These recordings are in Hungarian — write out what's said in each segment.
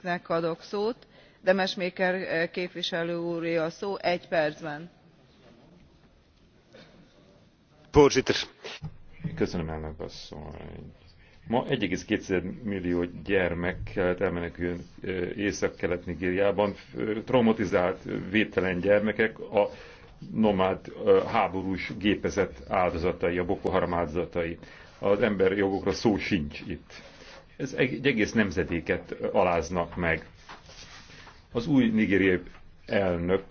nek adok szót demesmaeker eh, képviselő úré a szó egy percben. Köszönöm, elnök asszony. millió gyermek kellett elmeneküljön eh, Észak-Kelet-Nigériában. Eh, traumatizált, védtelen gyermekek a nomád háborús gépezet áldozatai, a Boko Haram áldozatai. Az ember jogokra szó sincs itt ez egy egész nemzetéket aláznak meg. Az új nigériai elnök,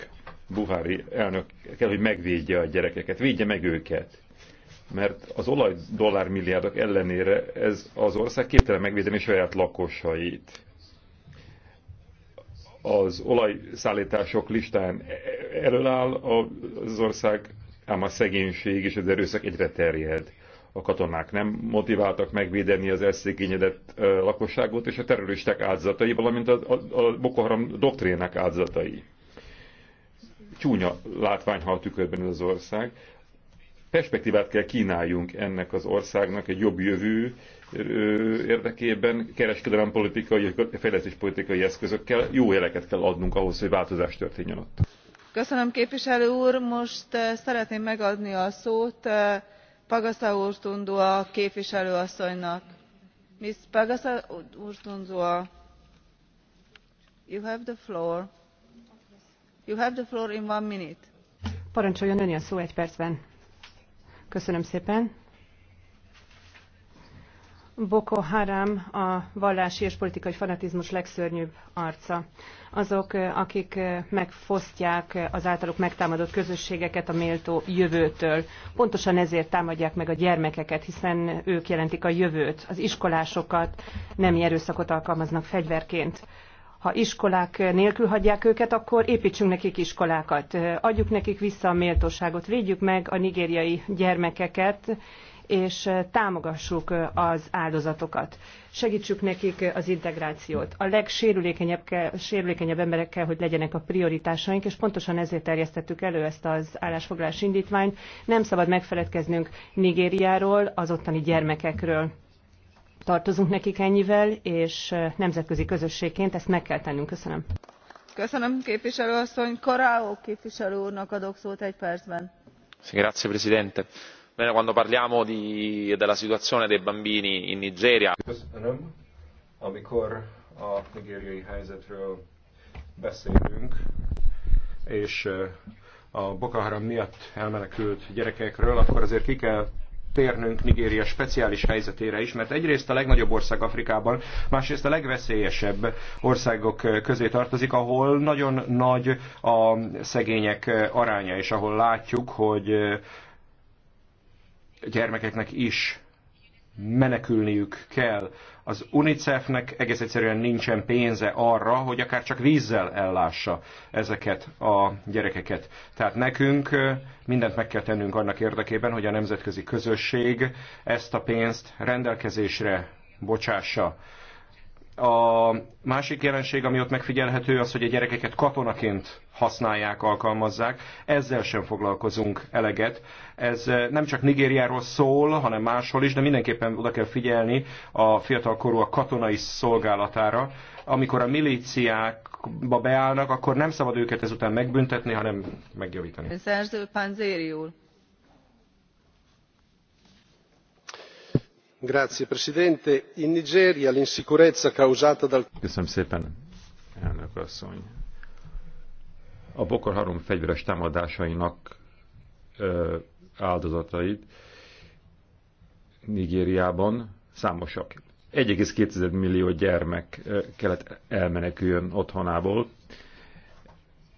Buhari elnök kell, hogy megvédje a gyerekeket, védje meg őket. Mert az olaj dollármilliárdok ellenére ez az ország képtelen megvédeni saját lakosait. Az olajszállítások listán elől áll az ország, ám a szegénység és az erőszak egyre terjed a katonák nem motiváltak megvédeni az elszégényedett lakosságot és a terroristák áldozatai, valamint a, a, a Boko Haram doktrének áldozatai. Csúnya látvány, ha a tükörben ez az ország. Perspektívát kell kínáljunk ennek az országnak egy jobb jövő érdekében, kereskedelem politikai, fejlesztés politikai eszközökkel jó jeleket kell adnunk ahhoz, hogy változás történjen ott. Köszönöm képviselő úr, most szeretném megadni a szót pagasa urtundua képviselő asszonynak. ms pagasa urtundua you have the floor. you have the floor in one minute. parancsoljon ön a szó egy percben. köszönöm szépen Boko Haram a vallási és politikai fanatizmus legszörnyűbb arca. Azok, akik megfosztják az általuk megtámadott közösségeket a méltó jövőtől. Pontosan ezért támadják meg a gyermekeket, hiszen ők jelentik a jövőt, az iskolásokat, nem erőszakot alkalmaznak fegyverként ha iskolák nélkül hagyják őket, akkor építsünk nekik iskolákat, adjuk nekik vissza a méltóságot, védjük meg a nigériai gyermekeket, és támogassuk az áldozatokat. Segítsük nekik az integrációt. A legsérülékenyebb sérülékenyebb emberekkel, hogy legyenek a prioritásaink, és pontosan ezért terjesztettük elő ezt az állásfoglalás indítványt. Nem szabad megfeledkeznünk Nigériáról, az ottani gyermekekről tartozunk nekik ennyivel, és nemzetközi közösségként ezt meg kell tennünk. Köszönöm. Köszönöm képviselő asszony. Corrao képviselő úrnak adok szót egy percben. Grazie, Presidente Bene, quando parliamo di, della situazione dei bambini in Nigeria. Amikor a beszélünk, és eh, a Boko Haram miatt elmenekült gyerekekről, akkor azért ki kell térnünk Nigéria speciális helyzetére is, mert egyrészt a legnagyobb ország Afrikában, másrészt a legveszélyesebb országok eh, közé tartozik, ahol nagyon nagy a szegények eh, aránya, és ahol látjuk, hogy gyermekeknek is menekülniük kell. Az UNICEF-nek egész egyszerűen nincsen pénze arra, hogy akár csak vízzel ellássa ezeket a gyerekeket. Tehát nekünk mindent meg kell tennünk annak érdekében, hogy a nemzetközi közösség ezt a pénzt rendelkezésre bocsássa. A másik jelenség, ami ott megfigyelhető, az, hogy a gyerekeket katonaként használják, alkalmazzák. Ezzel sem foglalkozunk eleget. Ez eh, nem csak Nigériáról szól, hanem máshol is, de mindenképpen oda kell figyelni a fiatalkorú a katonai szolgálatára. Amikor a milíciákba beállnak, akkor nem szabad őket ezután megbüntetni, hanem megjavítani. Szerző Panzéri signor presidente onorevoli colleghi in nigeria l'insicurezza causata dal. köszönöm szépen elnök asszony! a boko haram fegyveres támadásainak áldozatai nigériában számosak. 1,2 millió gyermek kellett elmeneküljön otthonából,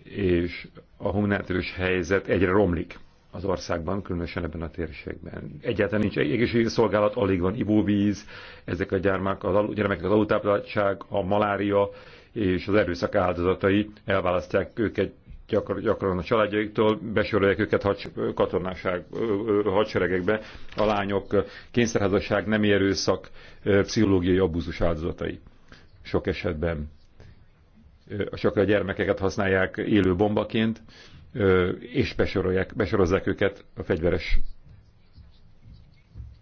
és a humanitárius helyzet egyre romlik az országban, különösen ebben a térségben. Egyáltalán nincs egészségügyi szolgálat, alig van ivóvíz, ezek a gyermek, az alu, gyermekek az alultápláltság, a malária és az erőszak áldozatai elválasztják őket gyakran, gyakran a családjaiktól, besorolják őket hadse, katonáság hadseregekbe, a lányok kényszerházasság, nem erőszak, pszichológiai abúzus áldozatai sok esetben. Sokra a gyermekeket használják élő bombaként, és besorolják, besorozzák őket a fegyveres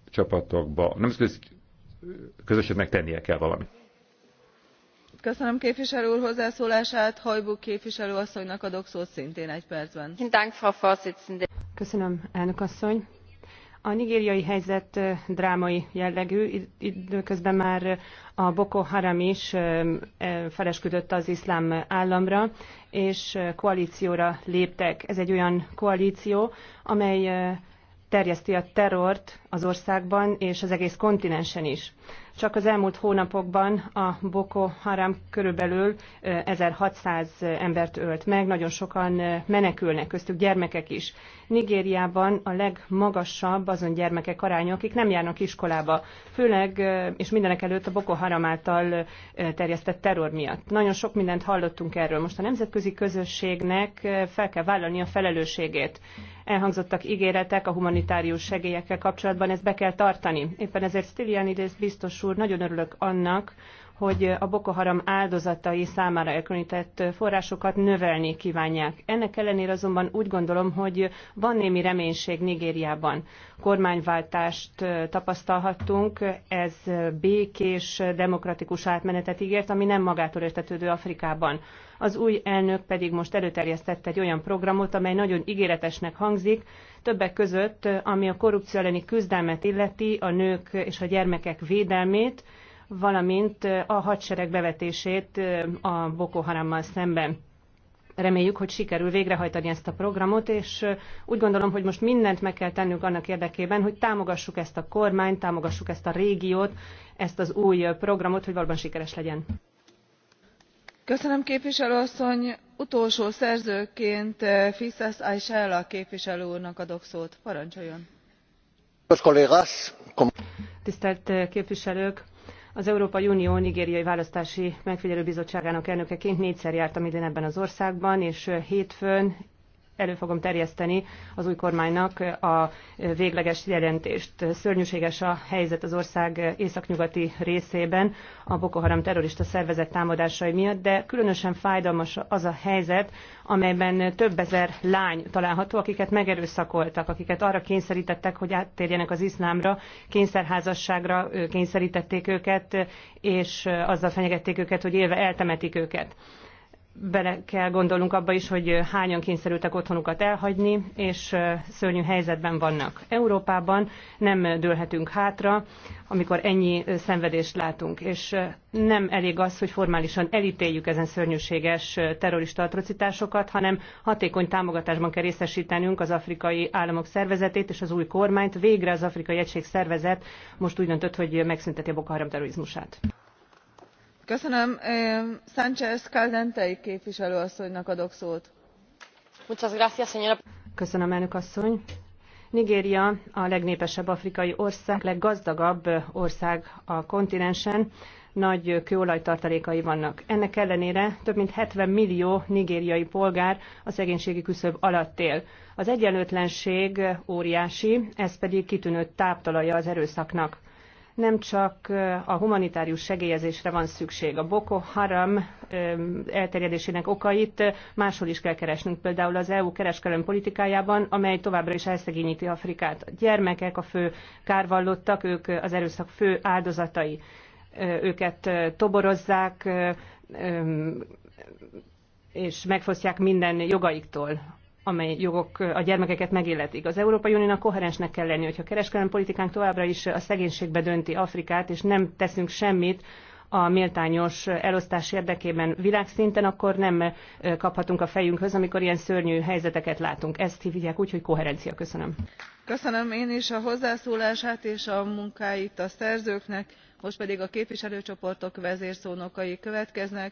csapatokba. Nem közösen közösségnek tennie kell valamit. Köszönöm képviselő úr hozzászólását. Hajbuk képviselő asszonynak adok szót szintén egy percben. Köszönöm, elnök asszony a nigériai helyzet drámai jellegű, időközben már a Boko Haram is felesküdött az iszlám államra, és koalícióra léptek. Ez egy olyan koalíció, amely terjeszti a terrort az országban és az egész kontinensen is. Csak az elmúlt hónapokban a Boko Haram körülbelül 1600 embert ölt meg, nagyon sokan menekülnek, köztük gyermekek is. Nigériában a legmagasabb azon gyermekek aránya, akik nem járnak iskolába, főleg és mindenek előtt a Boko Haram által terjesztett terror miatt. Nagyon sok mindent hallottunk erről. Most a nemzetközi közösségnek fel kell vállalni a felelősségét. Elhangzottak ígéretek a humanitárius segélyekkel kapcsolatban, ezt be kell tartani. Éppen ezért idéz biztos úr, nagyon örülök annak, hogy a Boko Haram áldozatai számára elkülönített forrásokat növelni kívánják. Ennek ellenére azonban úgy gondolom, hogy van némi reménység Nigériában. Kormányváltást tapasztalhattunk, ez békés, demokratikus átmenetet ígért, ami nem magától értetődő Afrikában. Az új elnök pedig most előterjesztett egy olyan programot, amely nagyon ígéretesnek hangzik, többek között, ami a korrupció elleni küzdelmet illeti, a nők és a gyermekek védelmét, valamint a hadsereg bevetését a Boko Harammal szemben. Reméljük, hogy sikerül végrehajtani ezt a programot, és úgy gondolom, hogy most mindent meg kell tennünk annak érdekében, hogy támogassuk ezt a kormányt, támogassuk ezt a régiót, ezt az új programot, hogy valóban sikeres legyen. Köszönöm képviselőasszony. Utolsó szerzőként Aysel a képviselő úrnak adok szót. Parancsoljon! Tisztelt képviselők! Az Európai Unió nigériai választási megfigyelőbizottságának elnökeként négyszer jártam idén ebben az országban, és hétfőn elő fogom terjeszteni az új kormánynak a végleges jelentést. Szörnyűséges a helyzet az ország északnyugati részében a Boko Haram terrorista szervezet támadásai miatt, de különösen fájdalmas az a helyzet, amelyben több ezer lány található, akiket megerőszakoltak, akiket arra kényszerítettek, hogy áttérjenek az iszlámra, kényszerházasságra kényszerítették őket, és azzal fenyegették őket, hogy élve eltemetik őket bele kell gondolnunk abba is, hogy hányan kényszerültek otthonukat elhagyni, és szörnyű helyzetben vannak. Európában nem dőlhetünk hátra, amikor ennyi szenvedést látunk, és nem elég az, hogy formálisan elítéljük ezen szörnyűséges terrorista atrocitásokat, hanem hatékony támogatásban kell részesítenünk az afrikai államok szervezetét és az új kormányt. Végre az Afrikai Egység Szervezet most úgy döntött, hogy megszünteti a Boko Haram terrorizmusát nigéria a legnépesebb afrikai ország leggazdagabb ország a kontinensen nagy tartalékai vannak. ennek ellenére több mint seventy millió nigériai polgár a szegénységi küszöb alatt él. az egyenlőtlenség óriási ez pedig kitűnő táptalaja az erőszaknak nem csak a humanitárius segélyezésre van szükség. A Boko Haram elterjedésének okait máshol is kell keresnünk, például az EU kereskedelmi politikájában, amely továbbra is elszegényíti Afrikát. A gyermekek a fő kárvallottak, ők az erőszak fő áldozatai. Őket toborozzák, és megfosztják minden jogaiktól amely jogok a gyermekeket megilletik. Az Európai Uniónak koherensnek kell lenni, hogyha a kereskedelmi politikánk továbbra is a szegénységbe dönti Afrikát, és nem teszünk semmit a méltányos elosztás érdekében világszinten, akkor nem kaphatunk a fejünkhöz, amikor ilyen szörnyű helyzeteket látunk. Ezt hívják úgy, hogy koherencia. Köszönöm. Köszönöm én is a hozzászólását és a munkáit a szerzőknek, most pedig a képviselőcsoportok vezérszónokai következnek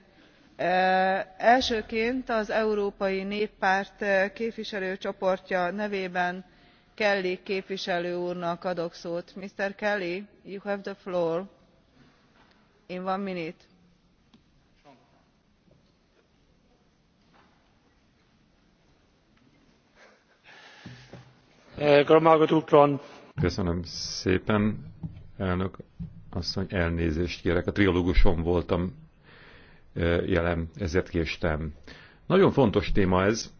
elsőként az európai néppárt képviselőcsoportja nevében kelly képviselő úrnak adok szót. Mr. kelly you have the floor in one minute. köszönöm szépen elnök asszony elnézést kérek a trialógusom voltam jelen, ezért késtem. Nagyon fontos téma ez,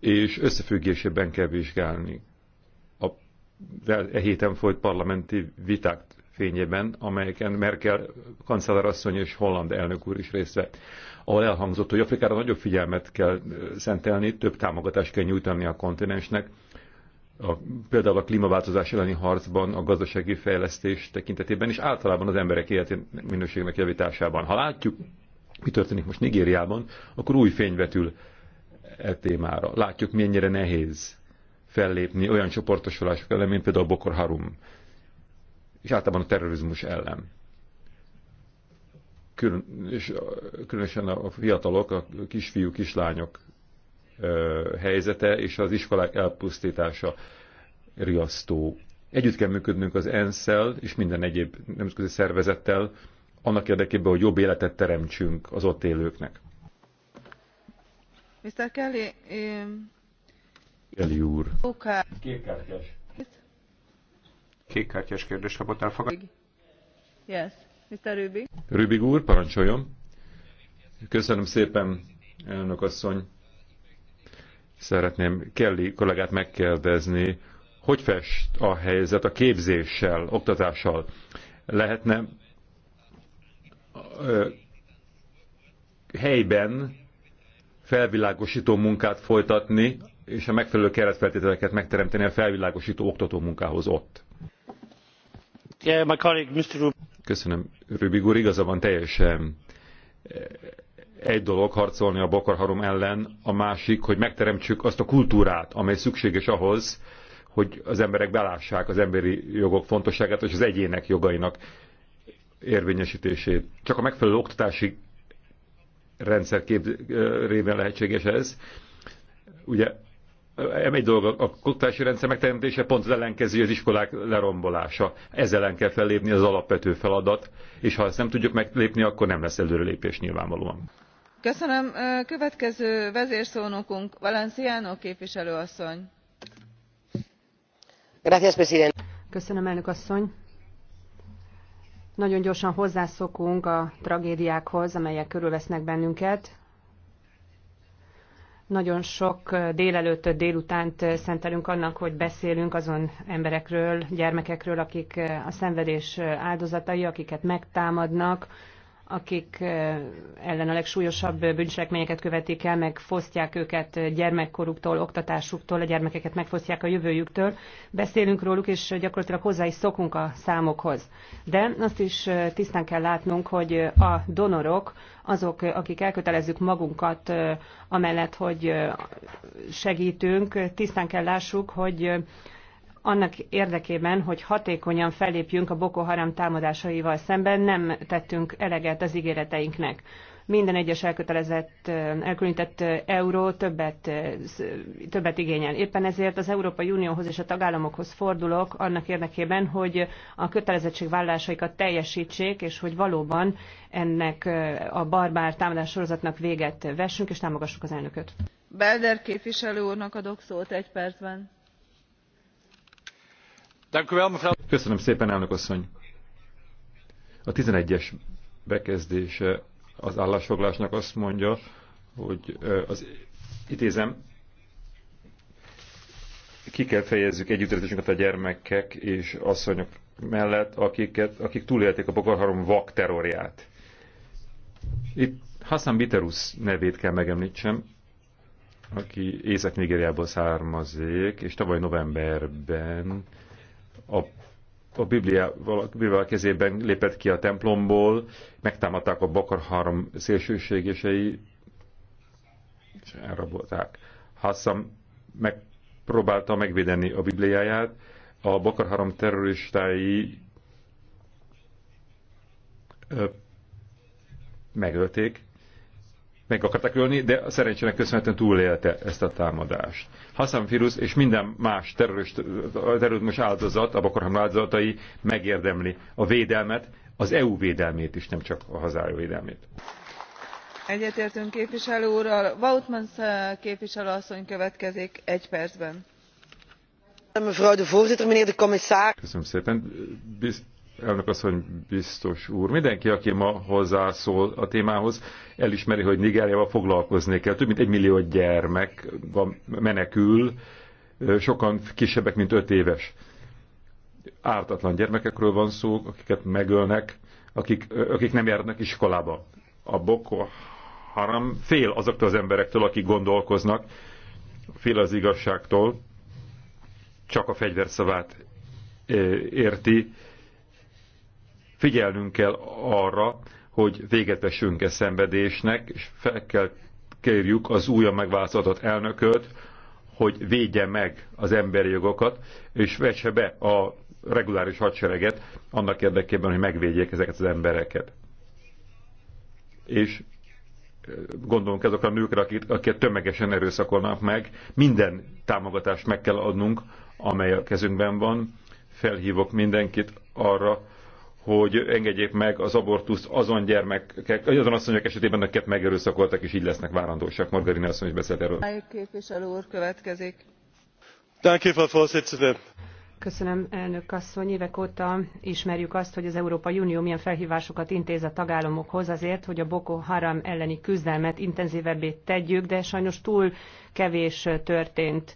és összefüggésében kell vizsgálni. A e héten folyt parlamenti viták fényében, amelyeken Merkel kancellárasszony és holland elnök úr is részt vett, ahol elhangzott, hogy Afrikára nagyobb figyelmet kell szentelni, több támogatást kell nyújtani a kontinensnek, a, például a klímaváltozás elleni harcban, a gazdasági fejlesztés tekintetében, és általában az emberek életén minőségnek javításában. Ha látjuk mi történik most Nigériában, akkor új fény vetül e témára. Látjuk, mennyire nehéz fellépni olyan csoportosulások ellen, mint például a Bokor Harum, és általában a terrorizmus ellen. Külön, és különösen a fiatalok, a kisfiú, kislányok ö, helyzete és az iskolák elpusztítása riasztó. Együtt kell működnünk az ENSZ-szel és minden egyéb nemzetközi szervezettel, annak érdekében, hogy jobb életet teremtsünk az ott élőknek. Mr. Kelly, um... Kelly úr. Okay. Kékkártyás. kérdés kapott el fogadni. Yes, Mr. Rübig. Rübig úr, parancsoljon. Köszönöm szépen, elnök asszony. Szeretném Kelly kollégát megkérdezni, hogy fest a helyzet a képzéssel, oktatással? Lehetne helyben felvilágosító munkát folytatni, és a megfelelő keretfeltételeket megteremteni a felvilágosító oktató munkához ott. Yeah, my colleague, Mr. Rub Köszönöm, Rubig úr, igaza van teljesen eh, egy dolog harcolni a bokarharum ellen, a másik, hogy megteremtsük azt a kultúrát, amely szükséges ahhoz, hogy az emberek belássák az emberi jogok fontosságát és az egyének jogainak érvényesítését. Csak a megfelelő oktatási rendszer révén lehetséges ez. Ugye egy dolog a oktatási rendszer megteremtése pont az ellenkező, az iskolák lerombolása. Ez ellen kell fellépni, az alapvető feladat, és ha ezt nem tudjuk meglépni, akkor nem lesz előrelépés nyilvánvalóan. Köszönöm. Következő vezérszónokunk Valenciano képviselő asszony. Gracias, president. Köszönöm, elnök asszony nagyon gyorsan hozzászokunk a tragédiákhoz, amelyek körülvesznek bennünket. Nagyon sok délelőtt, délutánt szentelünk annak, hogy beszélünk azon emberekről, gyermekekről, akik a szenvedés áldozatai, akiket megtámadnak, akik ellen a legsúlyosabb bűncselekményeket követik el, meg fosztják őket gyermekkoruktól, oktatásuktól, a gyermekeket megfosztják a jövőjüktől. Beszélünk róluk, és gyakorlatilag hozzá is szokunk a számokhoz. De azt is tisztán kell látnunk, hogy a donorok, azok, akik elkötelezzük magunkat amellett, hogy segítünk, tisztán kell lássuk, hogy annak érdekében, hogy hatékonyan fellépjünk a Boko Haram támadásaival szemben, nem tettünk eleget az ígéreteinknek. Minden egyes elkötelezett, elkülönített euró többet, többet igényel. Éppen ezért az Európai Unióhoz és a tagállamokhoz fordulok annak érdekében, hogy a kötelezettségvállásaikat teljesítsék, és hogy valóban ennek a barbár támadás sorozatnak véget vessünk, és támogassuk az elnököt. Belder képviselő úrnak adok szót egy percben Köszönöm szépen, elnök asszony. A 11-es bekezdése az állásfoglásnak azt mondja, hogy az idézem, ki kell fejezzük együttérzésünket a gyermekek és asszonyok mellett, akiket, akik túlélték a Bokorharom vak terrorját. Itt Hassan Biterus nevét kell megemlítsem, aki Észak-Nigériából származik, és tavaly novemberben a, a Bibliával, a Bibliával kezében lépett ki a templomból, megtámadták a Bakar három szélsőségesei, és elrabolták. Hassan megpróbálta megvédeni a Bibliáját, a Bakar három terroristái ö, megölték, meg akartak ölni, de szerencsének köszönhetően túlélte ezt a támadást. Hassan Firuz és minden más terrorizmus áldozat, a Bokorham áldozatai megérdemli a védelmet, az EU védelmét is, nem csak a hazája védelmét. Egyetértünk képviselő úrral. Wautmans eh, képviselő asszony következik egy percben. Köszönöm szépen. Biz elnök asszony, biztos úr. Mindenki, aki ma hozzászól a témához, elismeri, hogy Nigériával foglalkozni kell. Több mint egy millió gyermek van, menekül, sokan kisebbek, mint öt éves. Ártatlan gyermekekről van szó, akiket megölnek, akik, akik nem járnak iskolába. A Boko Haram fél azoktól az emberektől, akik gondolkoznak, fél az igazságtól, csak a fegyverszavát érti, Figyelnünk kell arra, hogy véget vessünk e szenvedésnek, és fel kell kérjük az újra megváltozott elnököt, hogy védje meg az emberi jogokat, és vesse be a reguláris hadsereget annak érdekében, hogy megvédjék ezeket az embereket. És gondolunk azokra a nőkre, akiket, akiket tömegesen erőszakolnak meg. Minden támogatást meg kell adnunk, amely a kezünkben van. Felhívok mindenkit arra, hogy engedjék meg az abortuszt azon gyermekek, azon asszonyok esetében, akiket megerőszakoltak, és így lesznek várandósak. Margarina asszony is beszélt erről. Képviselő úr következik. Köszönöm, elnök asszony. Évek óta ismerjük azt, hogy az Európai Unió milyen felhívásokat intéz a tagállamokhoz azért, hogy a Boko Haram elleni küzdelmet intenzívebbé tegyük, de sajnos túl kevés történt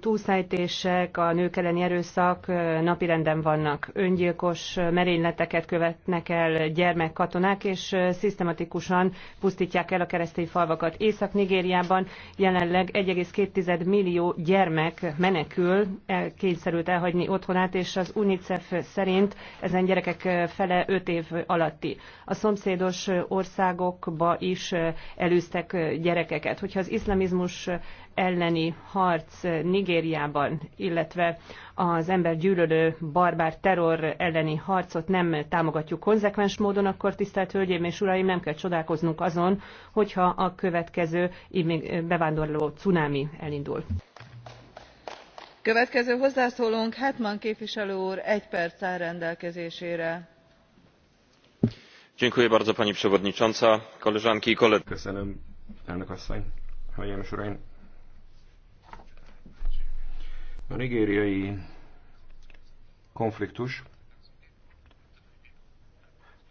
túlszájtések, a nők elleni erőszak napirenden vannak. Öngyilkos merényleteket követnek el gyermekkatonák, és szisztematikusan pusztítják el a keresztény falvakat. Észak-Nigériában jelenleg 1,2 millió gyermek menekül, kényszerült elhagyni otthonát, és az UNICEF szerint ezen gyerekek fele 5 év alatti. A szomszédos országokba is elűztek gyerekeket. Hogyha az iszlamizmus elleni harc Nigériában, illetve az gyűlölő barbár terror elleni harcot nem támogatjuk konzekvens módon, akkor tisztelt Hölgyeim és Uraim, nem kell csodálkoznunk azon, hogyha a következő bevándorló cunámi elindul. Következő hozzászólónk Hetman képviselő úr egy perc áll rendelkezésére. Dziękuję bardzo pani przewodnicząca, koleżanki i koledzy. Köszönöm, elnök asszony, hölgyeim és uraim. A nigériai konfliktus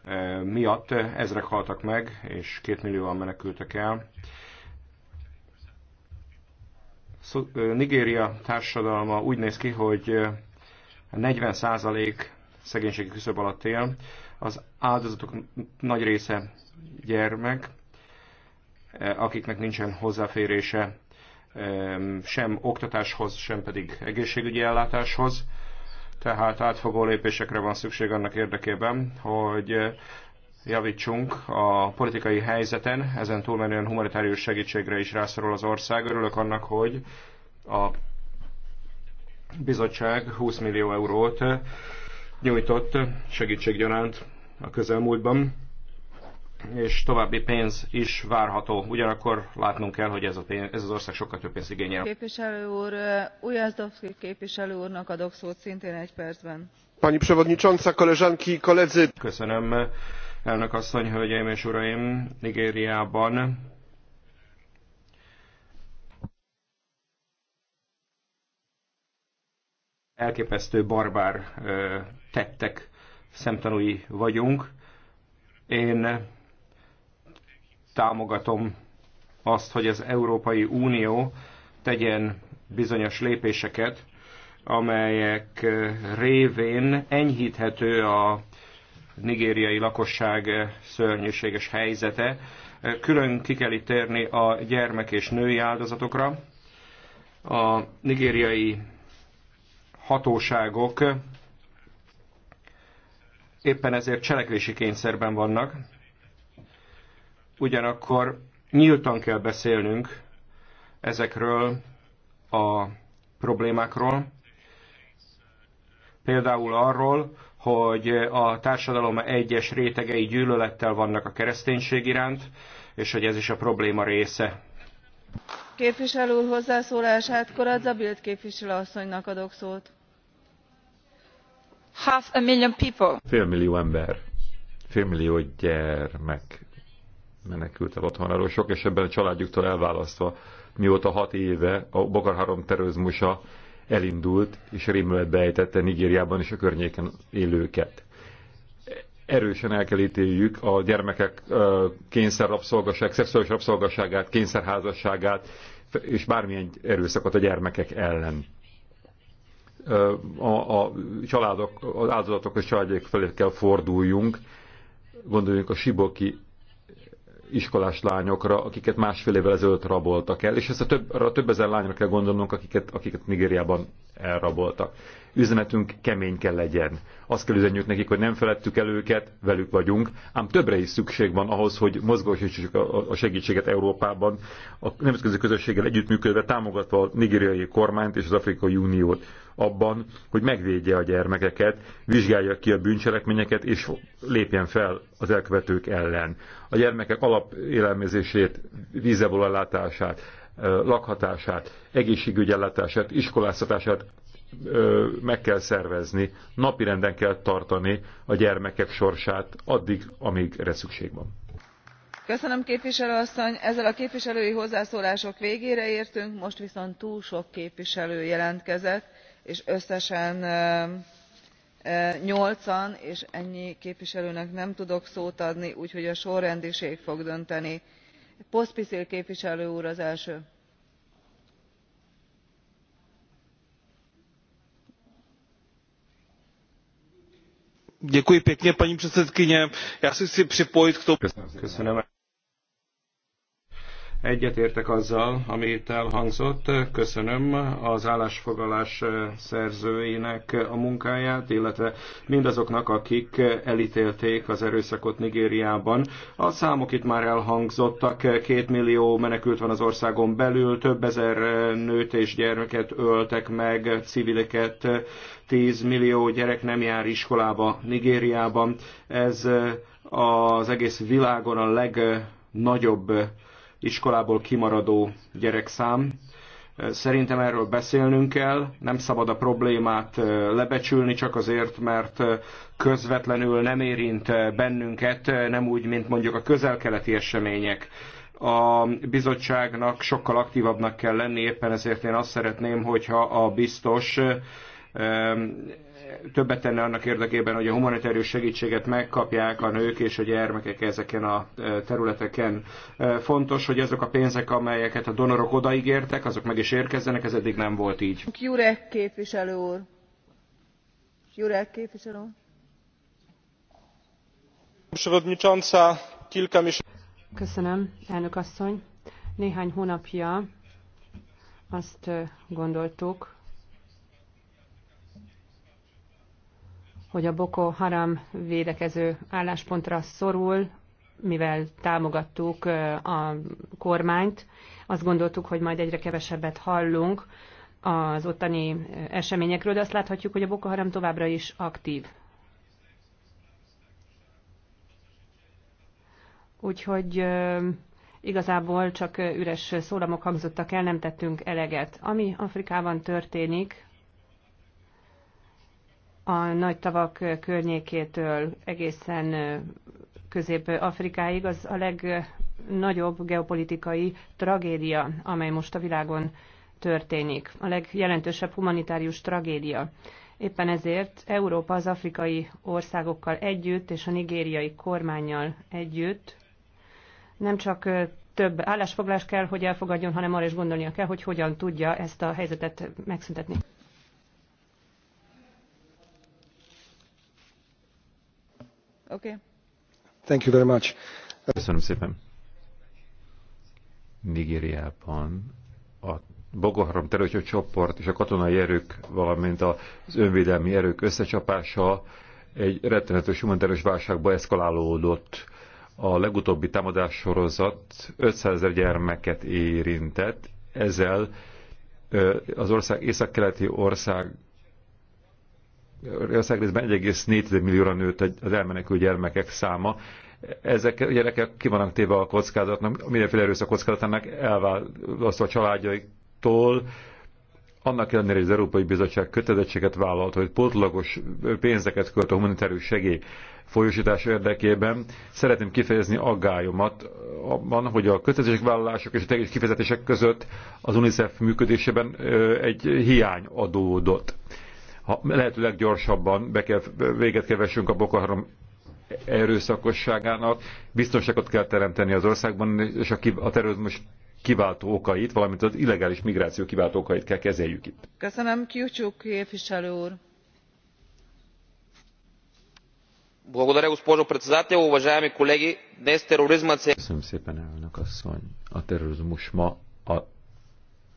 eh, miatt ezrek haltak meg, és két millióan menekültek el. Eh, Nigéria társadalma úgy néz ki, hogy 40% eh, szegénységi küszöb alatt él, az áldozatok nagy része gyermek, akiknek nincsen hozzáférése sem oktatáshoz, sem pedig egészségügyi ellátáshoz. Tehát átfogó lépésekre van szükség annak érdekében, hogy eh, javítsunk a politikai helyzeten, ezen túlmenően humanitárius segítségre is rászorul az ország. Örülök annak, hogy a bizottság 20 millió eurót eh, nyújtott segítséggyaránt a közelmúltban és további pénz is várható. Ugyanakkor látnunk kell, hogy ez, a pénz, ez az ország sokkal több pénzt igényel. Képviselő úr, Ujazdowski képviselő úrnak adok szót szintén egy percben. Pani przewodnicząca, koleżanki i koledzy. Köszönöm, elnök asszony, hölgyeim és uraim, Nigériában elképesztő barbár tettek szemtanúi vagyunk. Én támogatom azt, hogy az Európai Unió tegyen bizonyos lépéseket, amelyek eh, révén enyhíthető a nigériai lakosság eh, szörnyűséges helyzete. Eh, külön ki kell itt térni a gyermek és női áldozatokra. A nigériai hatóságok éppen ezért cselekvési kényszerben vannak, Ugyanakkor nyíltan kell beszélnünk ezekről a problémákról, például arról, hogy a társadalom egyes rétegei gyűlölettel vannak a kereszténység iránt, és hogy ez is a probléma része. Képviselő úr hozzászólását Koradza Bild képviselő asszonynak adok szót. Half a million people. Félmillió ember, félmillió gyermek menekült el otthonáról, sok esetben a családjuktól elválasztva, mióta hat éve a Bokar Haram terrorizmusa elindult, és rémület bejtette Nigériában és a környéken élőket. Erősen el kell ítéljük a gyermekek kényszerrabszolgaság, szexuális rabszolgaságát, kényszerházasságát, és bármilyen erőszakot a gyermekek ellen. A, a családok, az áldozatok és családjaik felé kell forduljunk. Gondoljunk a Siboki iskolás lányokra, akiket másfél évvel ezelőtt raboltak el, és ezt a több, a több ezer lányra kell gondolnunk, akiket, akiket Nigériában elraboltak. Üzenetünk kemény kell legyen. Azt kell üzenjük nekik, hogy nem felettük el őket, velük vagyunk, ám többre is szükség van ahhoz, hogy mozgósítsuk a segítséget Európában, a nemzetközi közösséggel együttműködve, támogatva a nigériai kormányt és az Afrikai Uniót abban, hogy megvédje a gyermekeket, vizsgálja ki a bűncselekményeket, és lépjen fel az elkövetők ellen. A gyermekek alapélelmezését, vízevolalátását, lakhatását, egészségügyellátását, iskoláztatását meg kell szervezni, napirenden kell tartani a gyermekek sorsát addig, amíg erre szükség van. Köszönöm képviselő asszony, ezzel a képviselői hozzászólások végére értünk, most viszont túl sok képviselő jelentkezett, és összesen nyolcan, és ennyi képviselőnek nem tudok szót adni, úgyhogy a sorrendiség fog dönteni pospil képviselő úr az első. paní předsedající já se chci připojit k tomu. Egyetértek azzal, amit elhangzott. Köszönöm az állásfoglalás szerzőinek a munkáját, illetve mindazoknak, akik elítélték az erőszakot Nigériában. A számok itt már elhangzottak. Két millió menekült van az országon belül, több ezer nőt és gyermeket öltek meg, civileket, 10 millió gyerek nem jár iskolába Nigériában. Ez az egész világon a legnagyobb iskolából kimaradó gyerekszám. Szerintem erről beszélnünk kell, nem szabad a problémát lebecsülni csak azért, mert közvetlenül nem érint bennünket, nem úgy, mint mondjuk a közelkeleti események. A bizottságnak sokkal aktívabbnak kell lenni, éppen ezért én azt szeretném, hogyha a biztos többet tenne annak érdekében, hogy a humanitárius segítséget megkapják a nők és a gyermekek ezeken a e, területeken. E, fontos, hogy azok a pénzek, amelyeket a donorok odaígértek, azok meg is érkezzenek, ez eddig nem volt így. Jurek képviselő úr. Jurek képviselő úr. Köszönöm, elnök asszony. Néhány hónapja azt e, gondoltuk, hogy a Boko Haram védekező álláspontra szorul, mivel támogattuk a kormányt, azt gondoltuk, hogy majd egyre kevesebbet hallunk az ottani eseményekről, de azt láthatjuk, hogy a Boko Haram továbbra is aktív. Úgyhogy igazából csak üres szólamok hangzottak el, nem tettünk eleget. Ami Afrikában történik, a nagy tavak környékétől egészen Közép-Afrikáig az a legnagyobb geopolitikai tragédia, amely most a világon történik. A legjelentősebb humanitárius tragédia. Éppen ezért Európa az afrikai országokkal együtt és a nigériai kormányjal együtt nem csak több állásfoglás kell, hogy elfogadjon, hanem arra is gondolnia kell, hogy hogyan tudja ezt a helyzetet megszüntetni. Okay. Thank you very much. Köszönöm szépen. Nigériában a Boko Haram csoport és a katonai erők, valamint az önvédelmi erők összecsapása egy rettenetes humanitárius válságba eszkalálódott. A legutóbbi támadás sorozat 500 ezer gyermeket érintett, ezzel az ország északkeleti ország ország részben 1,4 millióra nőtt az elmenekült gyermekek száma. Ezek a gyerekek ki vannak téve a kockázatnak, mindenféle erőszak kockázatának elválasztva a családjaiktól, annak ellenére, hogy az Európai Bizottság kötelezettséget vállalt, hogy pótlagos pénzeket költ a humanitárius segély folyósítás érdekében, szeretném kifejezni aggályomat abban, hogy a vállalások és a teljes kifizetések között az UNICEF működésében egy hiány adódott ha lehetőleg gyorsabban be kell, véget kevessünk a Boko Haram erőszakosságának, biztonságot kell teremteni az országban, és a, a terrorizmus kiváltó okait, valamint az illegális migráció kiváltó okait kell kezeljük itt. Köszönöm, Kiucsuk képviselő úr. Благодаря, госпожо председател. Уважаеми колеги, днес тероризмът се... Köszönöm szépen, elnök asszony. A terrorizmus ma a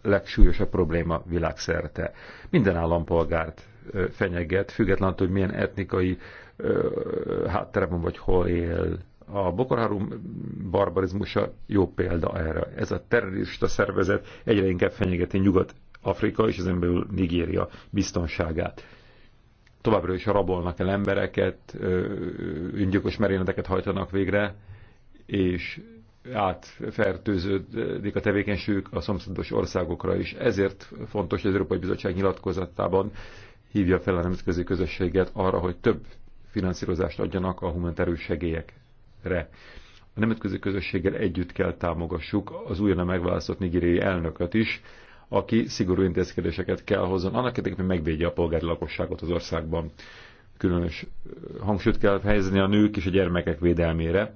legsúlyosabb probléma világszerte. Minden állampolgárt fenyeget, függetlenül attól, hogy milyen etnikai van vagy hol él. A bokorharum barbarizmusa jó példa erre. Ez a terrorista szervezet egyre inkább fenyegeti Nyugat-Afrika és ezen belül Nigéria biztonságát. Továbbra is rabolnak el embereket, öngyilkos merényleteket hajtanak végre, és átfertőződik a tevékenységük a szomszédos országokra is. Ezért fontos az Európai Bizottság nyilatkozatában hívja fel a nemzetközi közösséget arra, hogy több finanszírozást adjanak a humanitárius segélyekre. A nemzetközi közösséggel együtt kell támogassuk az újra megválasztott nigériai elnököt is, aki szigorú intézkedéseket kell hozzon, annak érdekében, hogy megvédje a polgári lakosságot az országban. Különös hangsúlyt kell helyezni a nők és a gyermekek védelmére,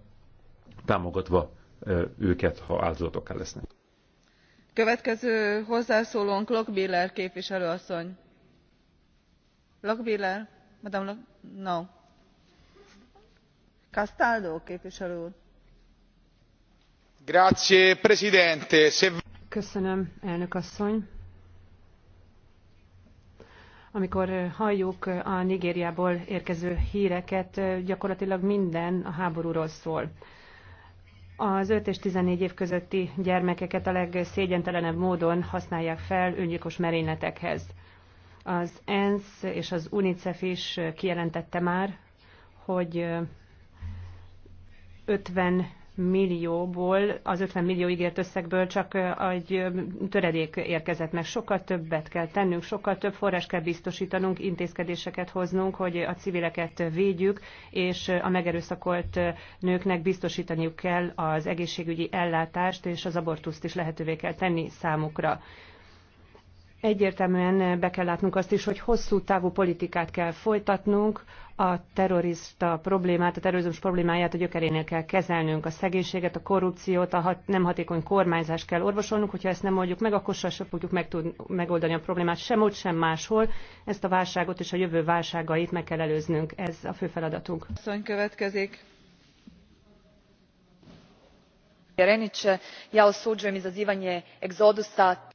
támogatva őket, ha áldozatokká lesznek. Következő hozzászólónk Lokbiller képviselőasszony. asszony lochbihler no castaldo Grazie, Presidente. Köszönöm, elnök asszony. Amikor eh, halljuk eh, a Nigériából érkező híreket, eh, gyakorlatilag minden a háborúról szól. Az 5 és 14 év közötti gyermekeket a legszégyentelenebb módon használják fel öngyilkos merényletekhez. Az ENSZ és az UNICEF is kijelentette már, hogy 50 millióból, az 50 millió ígért összegből csak egy töredék érkezett meg. Sokkal többet kell tennünk, sokkal több forrás kell biztosítanunk, intézkedéseket hoznunk, hogy a civileket védjük, és a megerőszakolt nőknek biztosítaniuk kell az egészségügyi ellátást, és az abortuszt is lehetővé kell tenni számukra. Egyértelműen be kell látnunk azt is, hogy hosszú távú politikát kell folytatnunk, a terrorista problémát, a terrorizmus problémáját a gyökerénél kell kezelnünk, a szegénységet, a korrupciót, a hat, nem hatékony kormányzást kell orvosolnunk, hogyha ezt nem oldjuk meg, akkor sem fogjuk meg tud, megoldani a problémát sem ott, sem máshol. Ezt a válságot és a jövő válságait meg kell előznünk, ez a fő feladatunk. Köszönöm, következik.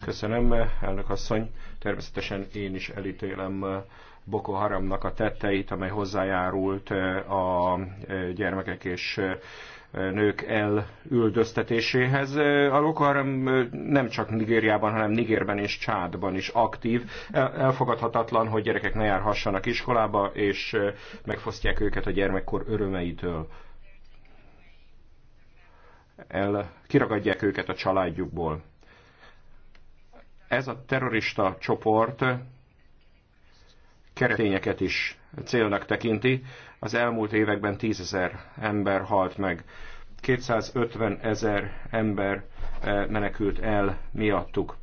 Köszönöm, elnök asszony. Természetesen én is elítélem eh, Boko Haramnak a tetteit, amely hozzájárult eh, a eh, gyermekek és nők elüldöztetéséhez. A Boko Haram nem csak Nigériában, hanem Nigérben és Csádban is aktív. Elfogadhatatlan, hogy gyerekek ne járhassanak iskolába, és megfosztják őket a gyermekkor örömeitől el, kiragadják őket a családjukból. Ez a terrorista csoport keretényeket is célnak tekinti. Az elmúlt években tízezer ember halt meg. 250 ezer ember eh, menekült el miattuk.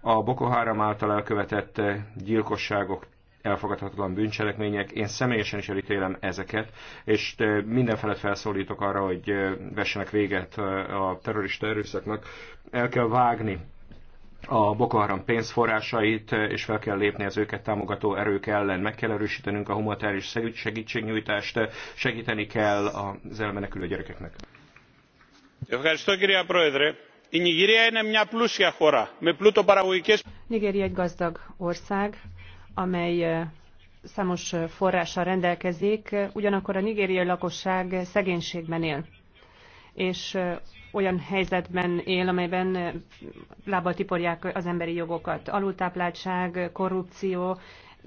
A Boko Haram által elkövetett eh, gyilkosságok elfogadhatatlan bűncselekmények. Én személyesen is elítélem ezeket, és mindenfelet felszólítok arra, hogy vessenek véget a terrorista erőszaknak. El kell vágni a Boko Haram pénzforrásait, és fel kell lépni az őket támogató erők ellen. Meg kell erősítenünk a humanitárius segítségnyújtást, segíteni kell az elmenekülő gyerekeknek. Nigéria egy gazdag ország, amely számos forrással rendelkezik, ugyanakkor a nigériai lakosság szegénységben él, és olyan helyzetben él, amelyben lábbal tiporják az emberi jogokat. Alultápláltság, korrupció,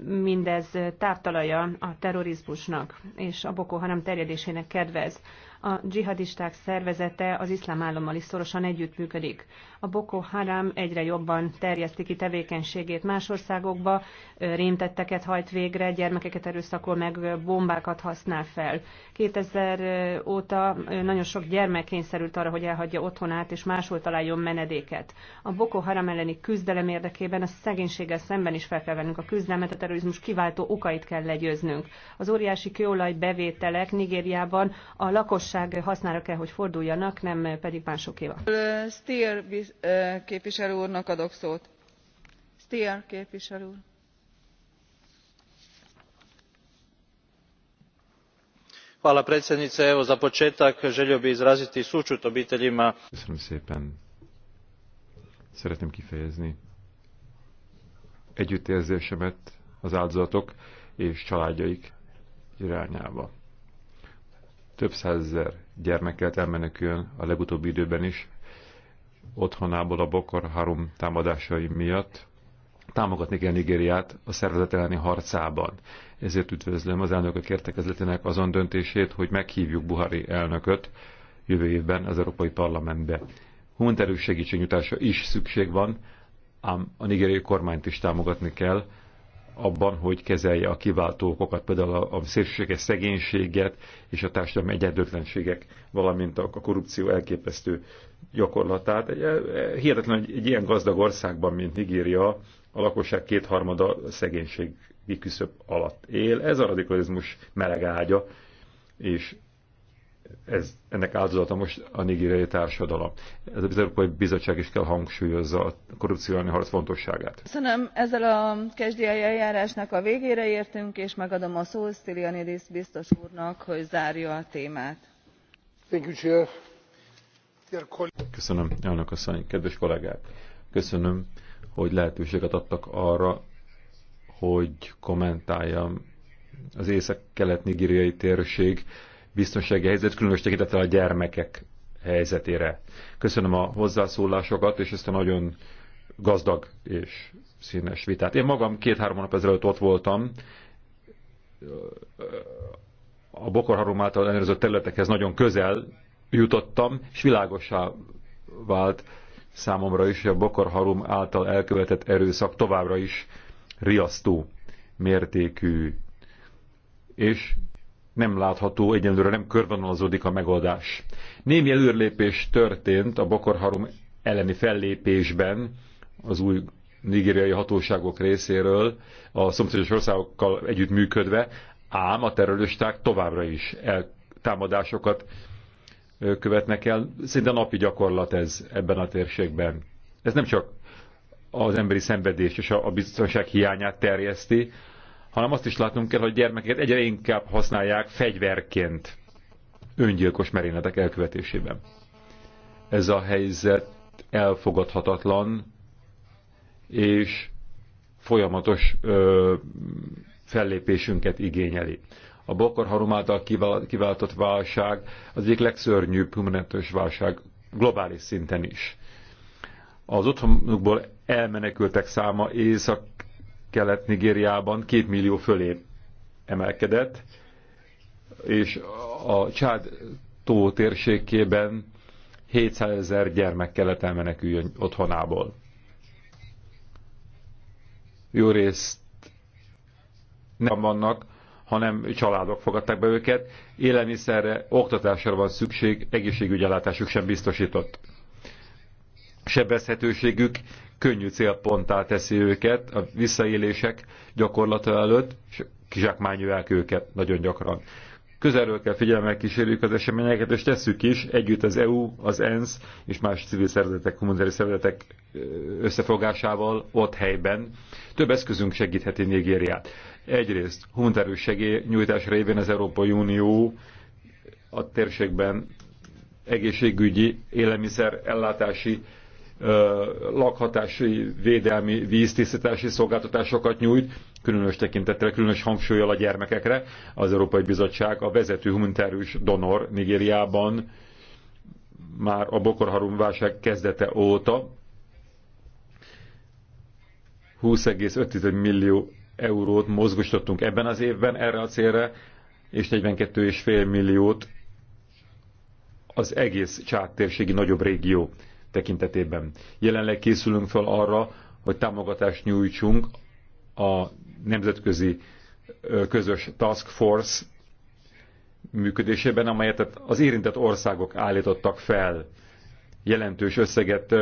mindez táptalaja a terrorizmusnak, és a Boko Haram terjedésének kedvez. A dzsihadisták szervezete az iszlám állammal is szorosan együttműködik. A Boko Haram egyre jobban terjeszti ki tevékenységét más országokba, rémtetteket hajt végre, gyermekeket erőszakol meg, bombákat használ fel. 2000 óta nagyon sok gyermek kényszerült arra, hogy elhagyja otthonát és máshol találjon menedéket. A Boko Haram elleni küzdelem érdekében a szegénységgel szemben is fel kell vennünk a küzdelmet, a terrorizmus kiváltó okait kell legyőznünk. Az óriási kőolaj bevételek Nigériában a lakos igazság hasznára kell, hogy forduljanak, nem pedig másokéva. Stier képviselő úrnak adok szót. Stier képviselő úr. Hvala predsjednice. Evo za početak želio bi izraziti sučut obiteljima. Köszönöm szépen. Szeretném kifejezni együttérzésemet az áldozatok és családjaik irányába több százezer gyermeket elmeneküljön a legutóbbi időben is otthonából a Bokor három támadásai miatt. Támogatni kell Nigériát a szervezet elleni harcában. Ezért üdvözlöm az elnökök értekezletének azon döntését, hogy meghívjuk Buhari elnököt jövő évben az Európai Parlamentbe. Humanitárius segítségnyújtása is szükség van, ám a nigériai kormányt is támogatni kell, abban, hogy kezelje a kiváltókokat, például a, a szélsőséges szegénységet és a társadalmi egyenlőtlenségek, valamint a, a korrupció elképesztő gyakorlatát. E, e, hihetetlen, hogy egy ilyen gazdag országban, mint Nigéria, a lakosság kétharmada szegénység küszöb alatt él. Ez a radikalizmus melegágya, és ez, ennek áldozata most a nigériai társadalom. Ez az Európai Bizottság is kell hangsúlyozza a korrupció elleni harc fontosságát. Köszönöm, ezzel a kezdélyi eljárásnak a végére értünk, és megadom a szót Stylianidis biztos úrnak, hogy zárja a témát. Köszönöm, elnök asszony, kedves kollégák! Köszönöm, hogy lehetőséget adtak arra, hogy kommentáljam az észak-kelet-nigériai térség biztonsági helyzet, különös tekintettel a gyermekek helyzetére. Köszönöm a hozzászólásokat, és ezt a nagyon gazdag és színes vitát. Én magam két-három nap ezelőtt ott voltam, a Bokorharum által ellenőrzött területekhez nagyon közel jutottam, és világosá vált számomra is, hogy a Bokorharum által elkövetett erőszak továbbra is riasztó mértékű, és nem látható, egyelőre nem körvonalazódik a megoldás. Némi előrelépés történt a Bokor Harum elleni fellépésben az új nigériai hatóságok részéről a szomszédos országokkal együttműködve, ám a terroristák továbbra is támadásokat követnek el. Szinte napi gyakorlat ez ebben a térségben. Ez nem csak az emberi szenvedés és a biztonság hiányát terjeszti, hanem azt is látnunk kell, hogy gyermekeket egyre inkább használják fegyverként öngyilkos merényletek elkövetésében. Ez a helyzet elfogadhatatlan, és folyamatos ö, fellépésünket igényeli. A Bokor Harum által kiváltott válság az egyik legszörnyűbb humanitárius válság globális szinten is. Az otthonukból elmenekültek száma észak Kelet-Nigériában két millió fölé emelkedett, és a Csád tó térségében 700 ezer gyermek kellett elmeneküljön otthonából. Jó részt nem vannak, hanem családok fogadták be őket. Élelmiszerre, oktatásra van szükség, egészségügyellátásuk sem biztosított. Sebezhetőségük könnyű célponttá teszi őket a visszaélések gyakorlata előtt, és kizsákmányolják őket nagyon gyakran. Közelről kell figyelemmel kísérjük az eseményeket, és tesszük is együtt az EU, az ENSZ és más civil szervezetek, humanitári szervezetek összefogásával ott helyben. Több eszközünk segítheti Nigériát. Egyrészt humanitári nyújtás révén az Európai Unió a térségben egészségügyi, élelmiszer ellátási lakhatási, védelmi, víztisztítási szolgáltatásokat nyújt, különös tekintettel, különös hangsúlyjal a gyermekekre. Az Európai Bizottság a vezető humanitárius donor Nigériában már a Bokor Harum válság kezdete óta 20,5 millió eurót mozgostottunk ebben az évben erre a célra, és 42,5 milliót az egész csáttérségi nagyobb régió tekintetében. Jelenleg készülünk fel arra, hogy támogatást nyújtsunk a nemzetközi közös task force működésében, amelyet az érintett országok állítottak fel. Jelentős összeget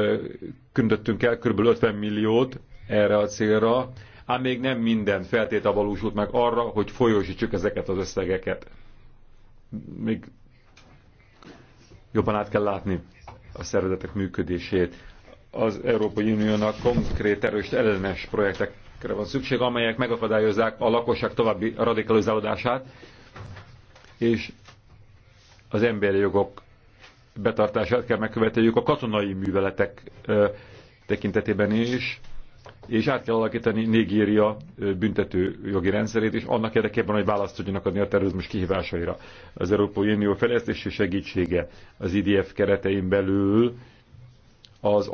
küldöttünk el, kb. 50 milliót erre a célra, ám még nem minden feltétel valósult meg arra, hogy folyósítsuk ezeket az összegeket. Még jobban át kell látni a szervezetek működését. Az Európai Uniónak konkrét erős ellenes projektekre van szükség, amelyek megakadályozzák a lakosság további radikalizálódását, és az emberi jogok betartását kell megköveteljük a katonai műveletek tekintetében is és át kell alakítani Nigéria büntető jogi rendszerét, és annak érdekében, hogy választ tudjanak adni a terrorizmus kihívásaira. Az Európai Unió fejlesztési segítsége az IDF keretein belül az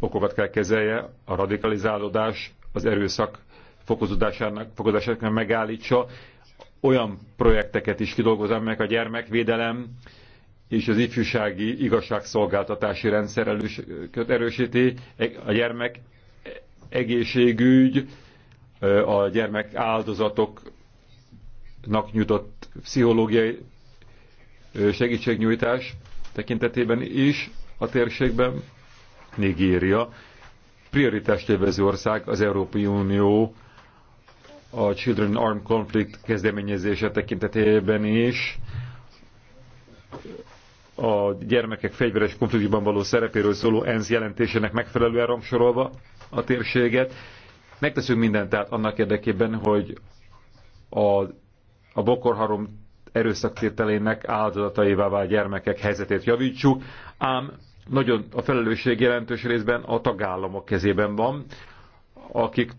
okokat kell kezelje, a radikalizálódás, az erőszak fokozódásának, fokozódásának megállítsa, olyan projekteket is kidolgozom, meg a gyermekvédelem és az ifjúsági igazságszolgáltatási rendszer erősíti, a gyermek egészségügy, a gyermek áldozatoknak nyújtott pszichológiai segítségnyújtás tekintetében is a térségben Nigéria prioritást élvező ország az Európai Unió a Children Armed Conflict kezdeményezése tekintetében is a gyermekek fegyveres konfliktusban való szerepéről szóló ENSZ jelentésének megfelelően rangsorolva a térséget. Megteszünk mindent tehát annak érdekében, hogy a, a bokorharom erőszaktételének áldozataivá vált gyermekek helyzetét javítsuk, ám nagyon a felelősség jelentős részben a tagállamok kezében van, akik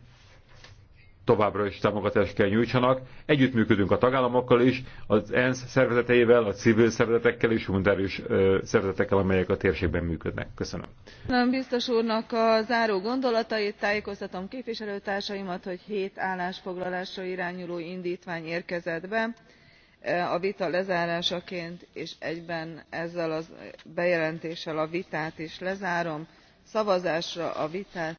továbbra is támogatást kell nyújtsanak. Együttműködünk a tagállamokkal is, az ENSZ szervezeteivel, a civil szervezetekkel és humanitárius szervezetekkel, amelyek a térségben működnek. Köszönöm. Nem biztos úrnak a záró gondolatait tájékoztatom képviselőtársaimat, hogy hét állásfoglalásra irányuló indítvány érkezett be a vita lezárásaként és egyben ezzel a bejelentéssel a vitát is lezárom. szavazásra a vitát